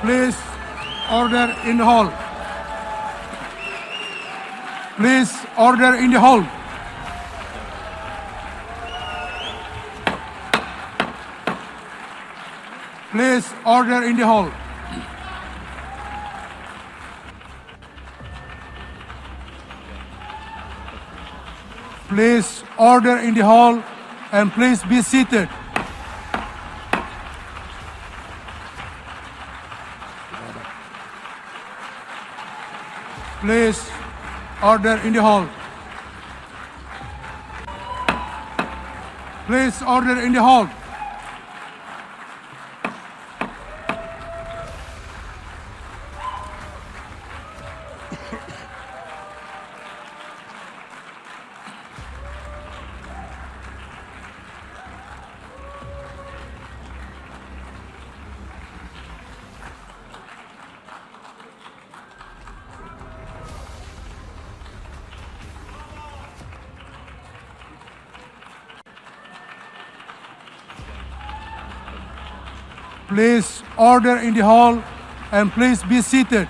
Please order in the hall. Please order in the hall. Please order in the hall. Please order in the hall and please be seated. Please order in the hall. Please order in the hall. Please order in the hall and please be seated.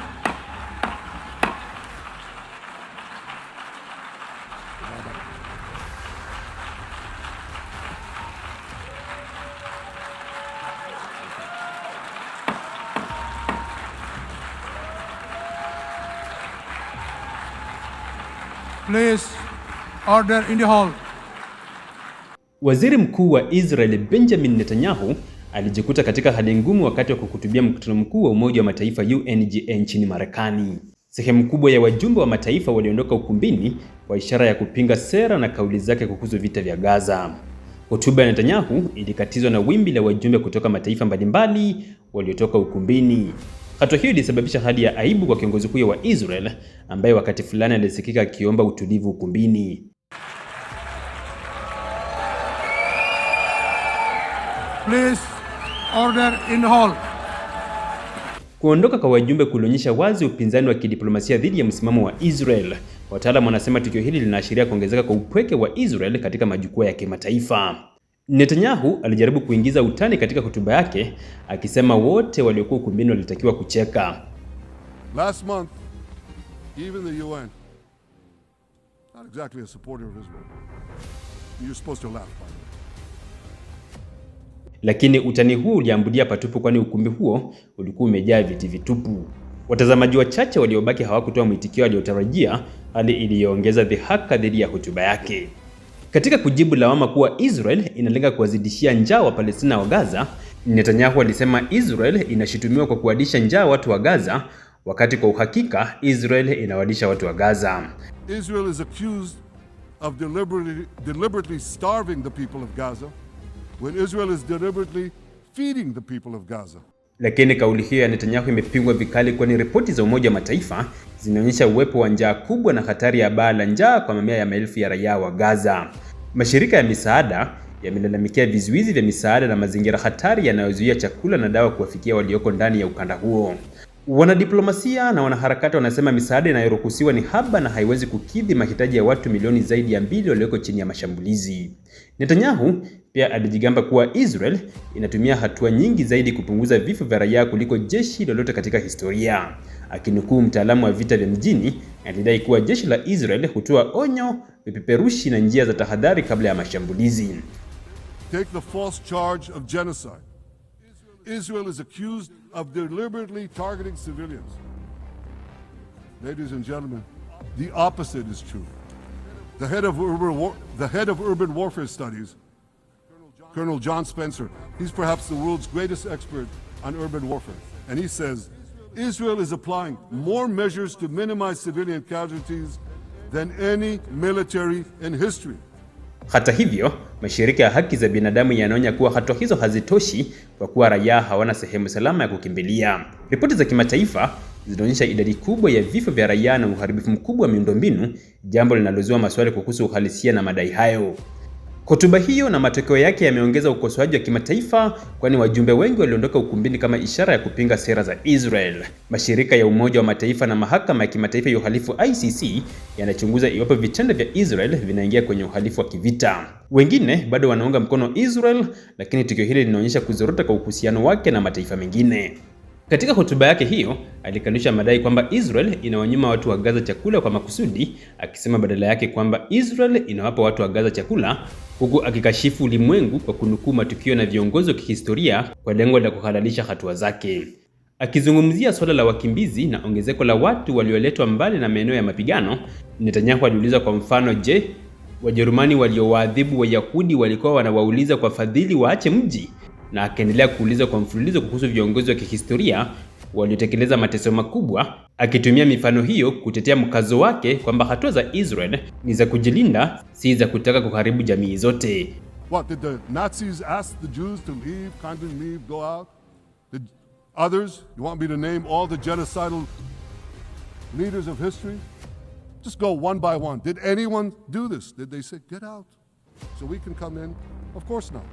Please order in the hall. Waziri Mkuu wa Israel Benjamin Netanyahu alijikuta katika hali ngumu wakati wa kuhutubia mkutano mkuu wa Umoja wa Mataifa UNGA nchini Marekani. Sehemu kubwa ya wajumbe wa mataifa waliondoka ukumbini kwa ishara ya kupinga sera na kauli zake kuhusu vita vya Gaza. Hotuba ya Netanyahu ilikatizwa na wimbi la wajumbe kutoka mataifa mbalimbali waliotoka ukumbini. Hatua hiyo ilisababisha hali ya aibu kwa kiongozi huyo wa Israel ambaye wakati fulani alisikika akiomba utulivu ukumbini. Please order in hall. Kuondoka kwa wajumbe kulionyesha wazi upinzani wa kidiplomasia dhidi ya msimamo wa Israel. Wataalamu wanasema tukio hili linaashiria kuongezeka kwa upweke wa Israel katika majukwaa ya kimataifa. Netanyahu alijaribu kuingiza utani katika hotuba yake akisema wote waliokuwa ukumbini walitakiwa kucheka. Last month, even the UN, not exactly a supporter of Israel. You're supposed to laugh, by lakini utani huu uliambulia patupu, kwani ukumbi huo ulikuwa umejaa viti vitupu. Watazamaji wachache waliobaki hawakutoa mwitikio aliyotarajia, hali iliyoongeza dhihaka dhidi ya hotuba yake. Katika kujibu lawama kuwa Israel inalenga kuwazidishia njaa wa Palestina wa Gaza, Netanyahu alisema Israel inashutumiwa kwa kuwadisha njaa watu wa Gaza, wakati kwa uhakika Israel inawadisha watu wa Gaza. Israel is accused of deliberately, deliberately starving the people of Gaza when Israel is deliberately feeding the people of Gaza. Lakini kauli hiyo ya Netanyahu imepigwa vikali, kwani ripoti za Umoja wa Mataifa zinaonyesha uwepo wa njaa kubwa na hatari ya baa la njaa kwa mamia ya maelfu ya raia wa Gaza. Mashirika ya misaada yamelalamikia vizuizi vya misaada na mazingira hatari yanayozuia chakula na dawa kuwafikia walioko ndani ya ukanda huo. Wanadiplomasia na wanaharakati wanasema misaada inayoruhusiwa ni haba na haiwezi kukidhi mahitaji ya watu milioni zaidi ya mbili walioko chini ya mashambulizi. Netanyahu pia alijigamba kuwa Israel inatumia hatua nyingi zaidi kupunguza vifo vya raia kuliko jeshi lolote katika historia. Akinukuu mtaalamu wa vita vya mjini, alidai kuwa jeshi la Israel hutoa onyo, vipeperushi na njia za tahadhari kabla ya mashambulizi. Take the false charge of genocide. Israel is accused of deliberately targeting civilians. Ladies and gentlemen, the opposite is true. The head of urban, war- the head of urban warfare studies, Colonel John Spencer, he's perhaps the world's greatest expert on urban warfare. And he says Israel is applying more measures to minimize civilian casualties than any military in history. Hata hivyo, mashirika ya haki za binadamu yanaonya kuwa hatua hizo hazitoshi kwa kuwa raia hawana sehemu salama ya kukimbilia. Ripoti za kimataifa zinaonyesha idadi kubwa ya vifo vya raia na uharibifu mkubwa wa miundombinu, jambo linalozua maswali kuhusu uhalisia na madai hayo. Hotuba hiyo na matokeo yake yameongeza ukosoaji wa kimataifa, kwani wajumbe wengi waliondoka ukumbini kama ishara ya kupinga sera za Israel. Mashirika ya Umoja wa Mataifa na Mahakama ya Kimataifa ya Uhalifu ICC yanachunguza iwapo vitendo vya Israel vinaingia kwenye uhalifu wa kivita. Wengine bado wanaunga mkono Israel, lakini tukio hili linaonyesha kuzorota kwa uhusiano wake na mataifa mengine. Katika hotuba yake hiyo alikanusha madai kwamba Israel inawanyima watu wa Gaza chakula kwa makusudi, akisema badala yake kwamba Israel inawapa watu wa Gaza chakula huku akikashifu ulimwengu kwa kunukuu matukio na viongozi wa kihistoria kwa lengo la kuhalalisha hatua zake. Akizungumzia suala la wakimbizi na ongezeko la watu walioletwa mbali na maeneo ya mapigano, Netanyahu aliuliza kwa mfano, je, Wajerumani waliowaadhibu Wayahudi walikuwa wanawauliza kwa fadhili waache mji? Na akaendelea kuuliza kwa mfululizo kuhusu viongozi wa kihistoria waliotekeleza mateso makubwa akitumia mifano hiyo kutetea mkazo wake kwamba hatua za Israel ni za kujilinda, si za kutaka kuharibu jamii zote. What did the Nazis ask the Jews to leave, kindly leave, go out? The others, you want me to name all the genocidal leaders of history? Just go one by one. Did anyone do this? Did they say, get out so we can come in? Of course not.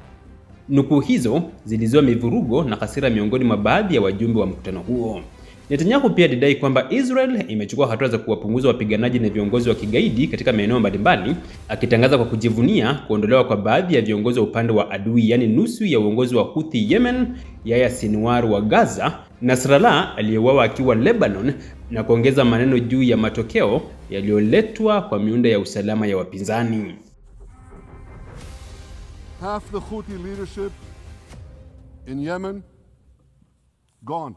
Nukuu hizo zilizua mivurugo na hasira miongoni mwa baadhi ya wajumbe wa mkutano huo. Netanyahu pia alidai kwamba Israel imechukua hatua za kuwapunguza wapiganaji na viongozi wa kigaidi katika maeneo mbalimbali, akitangaza kwa kujivunia kuondolewa kwa baadhi ya viongozi wa upande wa adui, yaani nusu ya uongozi wa Houthi Yemen, Yahya Sinwar wa Gaza, Nasrallah aliyeuawa akiwa Lebanon, na kuongeza maneno juu ya matokeo yaliyoletwa kwa miundo ya usalama ya wapinzani. Half the Houthi leadership in Yemen gone.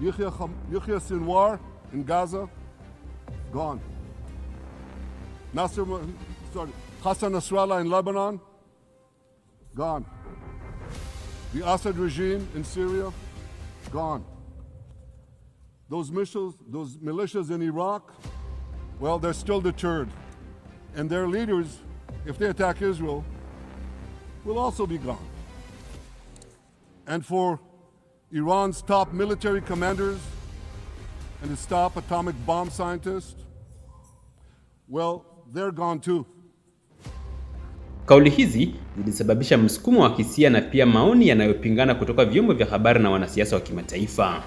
Yahya, Sinwar in Gaza, gone. Nasser, sorry, Hassan Nasrallah in Lebanon, gone. The Assad regime in Syria, gone. Those those militias in Iraq, well, they're still deterred. And their leaders, if they attack Israel, will also be gone. And for Iran's top military commanders and its top atomic bomb scientists, well, they're gone too. Kauli hizi zilisababisha msukumo wa kisia na pia maoni yanayopingana kutoka vyombo vya habari na wanasiasa wa kimataifa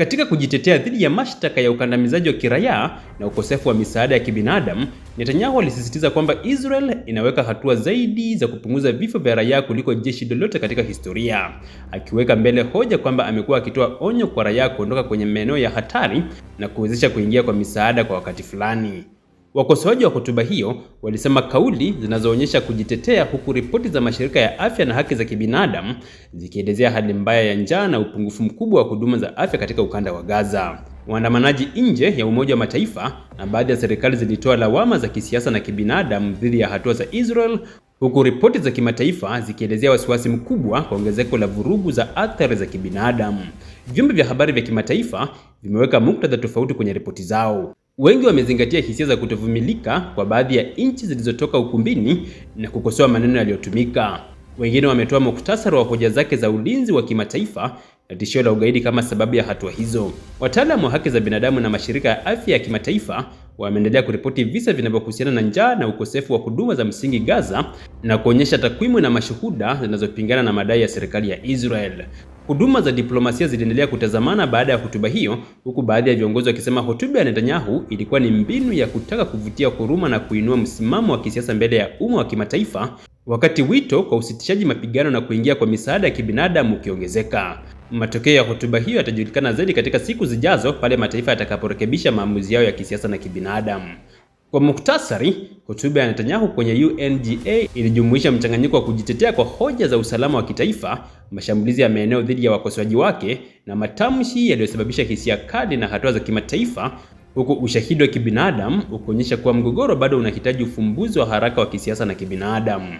katika kujitetea dhidi ya mashtaka ya ukandamizaji wa kiraia na ukosefu wa misaada ya kibinadamu, Netanyahu alisisitiza kwamba Israel inaweka hatua zaidi za kupunguza vifo vya raia kuliko jeshi lolote katika historia, akiweka mbele hoja kwamba amekuwa akitoa onyo kwa raia kuondoka kwenye maeneo ya hatari na kuwezesha kuingia kwa misaada kwa wakati fulani. Wakosoaji wa hotuba hiyo walisema kauli zinazoonyesha kujitetea, huku ripoti za mashirika ya afya na haki za kibinadamu zikielezea hali mbaya ya njaa na upungufu mkubwa wa huduma za afya katika ukanda wa Gaza. Waandamanaji nje ya Umoja wa Mataifa na baadhi ya serikali zilitoa lawama za kisiasa na kibinadamu dhidi ya hatua za Israel, huku ripoti za kimataifa zikielezea wasiwasi mkubwa kwa ongezeko la vurugu za athari za kibinadamu. Vyombo vya habari vya kimataifa vimeweka muktadha tofauti kwenye ripoti zao. Wengi wamezingatia hisia za kutovumilika kwa baadhi ya nchi zilizotoka ukumbini na kukosoa maneno yaliyotumika. Wengine wametoa muktasari wa hoja zake za ulinzi wa kimataifa na tishio la ugaidi kama sababu ya hatua hizo. Wataalamu wa haki za binadamu na mashirika ya afya ya kimataifa wameendelea kuripoti visa vinavyohusiana na njaa na ukosefu wa huduma za msingi Gaza na kuonyesha takwimu na mashuhuda zinazopingana na madai ya serikali ya Israel. Huduma za diplomasia ziliendelea kutazamana baada ya hotuba hiyo, huku baadhi ya viongozi wakisema hotuba ya Netanyahu ilikuwa ni mbinu ya kutaka kuvutia huruma na kuinua msimamo wa kisiasa mbele ya umma wa kimataifa, wakati wito kwa usitishaji mapigano na kuingia kwa misaada ya kibinadamu ukiongezeka. Matokeo ya hotuba hiyo yatajulikana zaidi katika siku zijazo pale mataifa yatakaporekebisha maamuzi yao ya kisiasa na kibinadamu. Kwa muktasari, hotuba ya Netanyahu kwenye UNGA ilijumuisha mchanganyiko wa kujitetea kwa hoja za usalama wa kitaifa, mashambulizi ya maeneo dhidi ya wakosoaji wake na matamshi yaliyosababisha hisia kali na hatua za kimataifa, huku ushahidi wa kibinadamu ukionyesha kuwa mgogoro bado unahitaji ufumbuzi wa haraka wa kisiasa na kibinadamu.